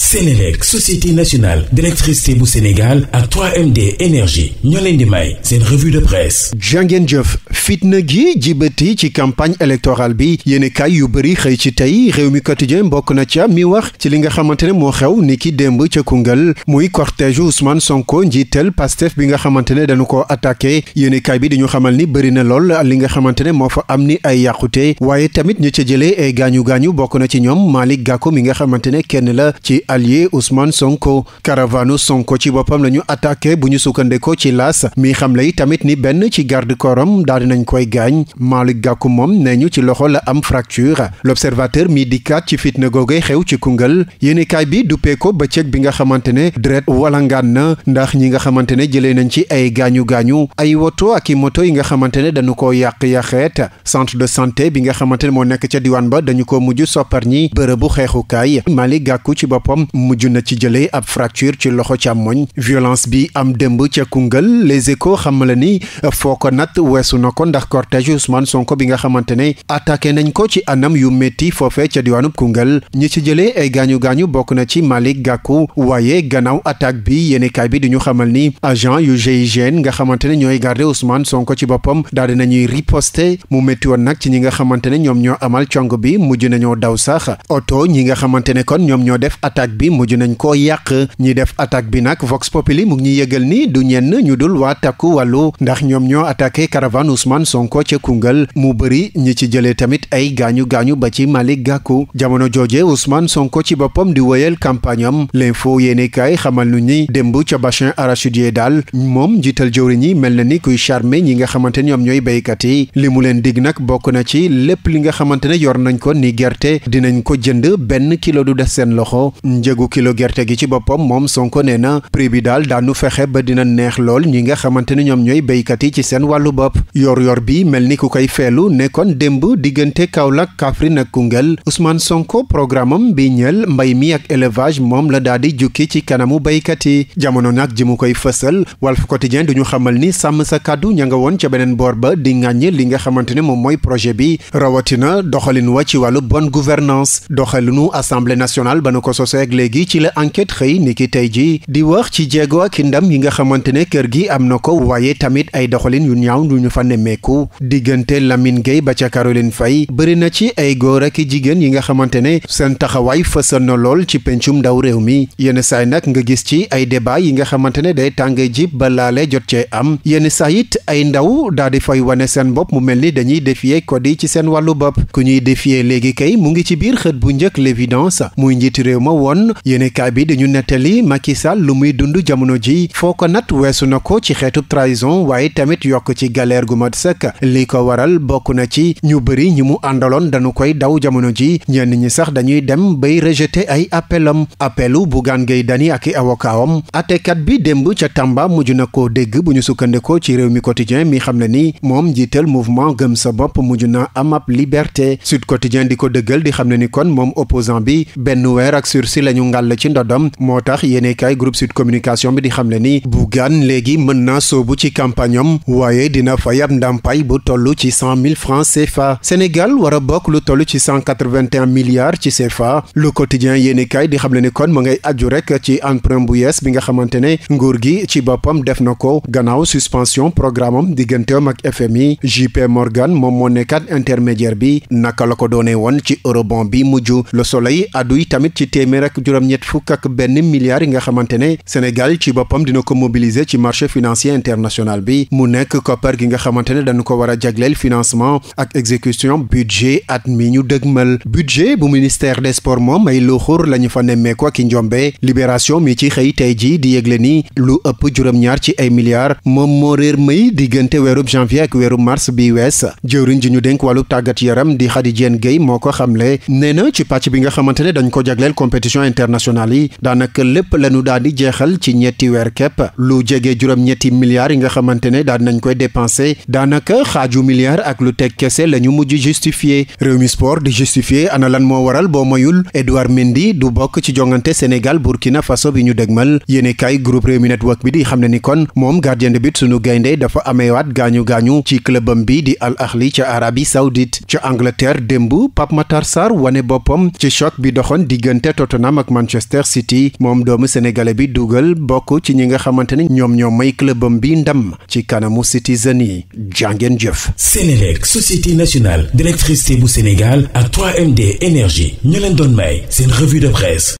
Sénélec société nationale d'électricité bu Sénégal ak 3MD énergie ñoo leen di may seen revue de presse jàngeen jëf fitna gi jibati ci campagne électorale bi yéeni yu bëri xëy ci tey réew mi quotidien bokk na ca mi wax ci li nga xamante ne moo xew ni ki démb ca Koungheul muy cortège Ousmane Sonko njiitel Pastef bi nga xamante ne dañu ko attaqué yéeni kaay bi dañu xamal ni bëri na lool li nga xamante ne moo fa am ni ay yàqute waaye tamit ñu ca jëlee ay gaañu-gaañu bokk na ci ñoom Malick Gakou mi nga xamante kenn la ci allié Ousmane Sonko caravanu Sonko ci boppam la ñu attaqué bu ñu sukkandekoo ci laas mi xam lay tamit ni benn ci garde koram daal dinañ koy gaañ Malick gàkku moom nee ñu ci loxo la am fracture l'observateur mi dikkaat ci fitna googay xew ci Koungheul yéenekaay bi duppee ko bëccëg bi nga xamante ne dret walangaan na ndax ñi nga xamante ne jëlee nañ ci ay gaañu gaañu ay woto ak i moto yi nga xamante ne dañu ko yàq-yàqeet centre de santé bi nga xamante ne moo nekk ca diwaan ba dañu ko mujj soppar ñi bërëbu xeexukaay Malick Gakou ci boppam loxoom mujj na ci jëlee ab fracture ci loxo càmmoñ violence bi am démb ca Koungheul les échos xamale ni foo ko nat weesu na ko ndax cortège Ousmane Sonko bi nga xamante ne attaqué nañ ko ci anam yu métti foofe ca diwaanub Koungheul ñi ci jëlee ay gaañu-gaañu bokk na ci Malick Gakou waaye gannaaw attaque bi yéenekaay bi di ñu xamal ni agent yu GIGN nga xamante ne ñooy garder Ousmane Sonko ci boppam daal dinañuy riposter mu métti woon nag ci ñi nga xamante ne ñoom ñoo amal cong bi mujj nañoo attaque bi mujj nañ koo yàq ñi def attaque bi nag Vox Populi mu ngi ñuy yëgal ni du ñenn ñu dul waa takku wàllu ndax ñoom ñoo attaqué caravane Ousmane Sonko ca Koungheul mu bëri ñi ci jëlee tamit ay gaañu gaañu ba ci Malick Gakou jamono jooje Ousmane Sonko ci boppam di wëyal campagne am l'info yéene kaay xamal nu ñi démb ca bassin arachidier daal moom njiital jëwriñ ñi mel na ni kuy charmer ñi nga xamante ñoom ñooy béykat yi li mu leen dig nag bokk na ci lépp li nga xamante ne yor nañ ko ni gerte dinañ ko jënd benn kilo du des seen loxo njëgu kilo gerte gi ci boppam moom Sonko nee na prix bi daal daanu fexe ba dina neex lool ñi nga xamante ne ñoom ñooy béykat yi ci seen wàllu bopp yor-yor bi mel ni ku koy feelu nekkoon démb diggante Kaolack Kaffrine ak Koungheul Ousmane Sonko programme am bi ñeel mbay mi ak élevage moom la daal di jukki ci kanamu béykat yi jamono nag ji mu koy fësal Walf Quotidien du ñu xamal ni sàmm sa kàddu ña nga woon ca beneen boor ba di ŋàññi li nga xamante ne moom mooy projet bi rawatina doxalin wa ci wàllu bonne gouvernance doxalinu ak léegi ci la enquête xëy ni ki tey ji di wax ci jéego ak ndam yi nga xamante ne kër gi am na ko waaye tamit ay doxalin yu ñaaw yu ñu fa nemmeeku diggante Lamine Gueye ba ca Caroline Faye bëri na ci ay góor ak i jigéen yi nga xamante ne seen taxawaay fësal na lool ci pencum ndaw réew mi yenn saay nag nga gis ci ay débat yi nga xamante ne day tàng jib ba laale jot cee am yenn saa it ay ndaw daal di fay wane seen bopp mu mel ni dañuy défier code yi ci seen wàllu bopp ku ñuy woon yéenekaay bi dañu nettali Macky Sall lu muy dund jamono ji foo ko nat weesu na ko ci xeetub trahison waaye tamit yokk ci galère gu mat sëkk li ko waral bokk na ci ñu bëri ñi mu àndaloon dañu koy daw jamono ji ñenn ñi sax dañuy dem bay rejeter ay appelam appelu Bougane Gueye Dany ak i awokawam atekat bi démb ca Tamba mujj na koo dégg bu ñu sukkandikoo ci réew mi quotidien mi xam ne ni moom njiital mouvement gëm sa bopp mujj na am ab liberté Sud Quotidien di ko dëggal di xam ne ni kon moom opposant bi benn weer ak si la ñu ngàll ci ndodom moo tax yéene groupe sud communication bi di xam le ni Bougane léegi mën naa soobu ci campagne am waaye dina fay ab ndàmpaay bu toll ci cent mille francs CFA Sénégal war a bokk lu toll ci cent quatre-vingt-un milliards ci CFA le quotidien yéene kaay di xam le ni kon ma ngay aju rek ci emprunt bu yees bi nga xamante ne nguur gi ci boppam def na ko gannaaw suspension programme am ak FMI JP Morgan moom moo nekkaat intermédiaire bi naka la ko doonee rek juróom-ñett fukk ak benn milliard yi nga xamante ne Sénégal ci boppam dina ko mobiliser ci marché financier international bi mu nekk koppar gi nga xamante ne dañu ko war a jagleel financement ak exécution budget at mi ñu dëgmal budget bu ministère des sports moom ay luuxur la ñu fa nemmeeku ak i njombe libération mi ci xëy tey ji di yëgle ni lu ëpp juróom-ñaar ci ay milliards moom moo réer may diggante weerub janvier ak weerub mars bi wees jëwriñ ji ñu dénk wàllu tàggat yaram di relations internationales yi daanaka lépp lañu daal di jeexal ci ñetti weer kepp lu jege juróom-ñetti milliards yi nga xamante ne daan nañ koy dépensé daanaka xaaju milliard ak lu teg kese la ñu mujj justifié réew mi sport di justifié ana lan moo waral boo moyul Edouard Mendy du bokk ci jongante Sénégal Burkina Faso bi ñu dëgmal yéene kay groupe réew mi network bi di xam ne ni kon moom gardien de but sunu gaynde dafa ameewaat gaañu-gaañu ci clubam bi di Al Ahli ca Arabie Saoudite ca Angleterre démb Pape Matar Tottenham ak Manchester City moom doomu sénégalais bi dugal bokk ci ñi nga xamante ni ñoom ñoo may clubam bi ndam ci kanamu Citizen yi jàngeen jëf. Sénélec société nationale d'électricité bu Sénégal ak trois md énergie ñu leen doon may seen revue de presse.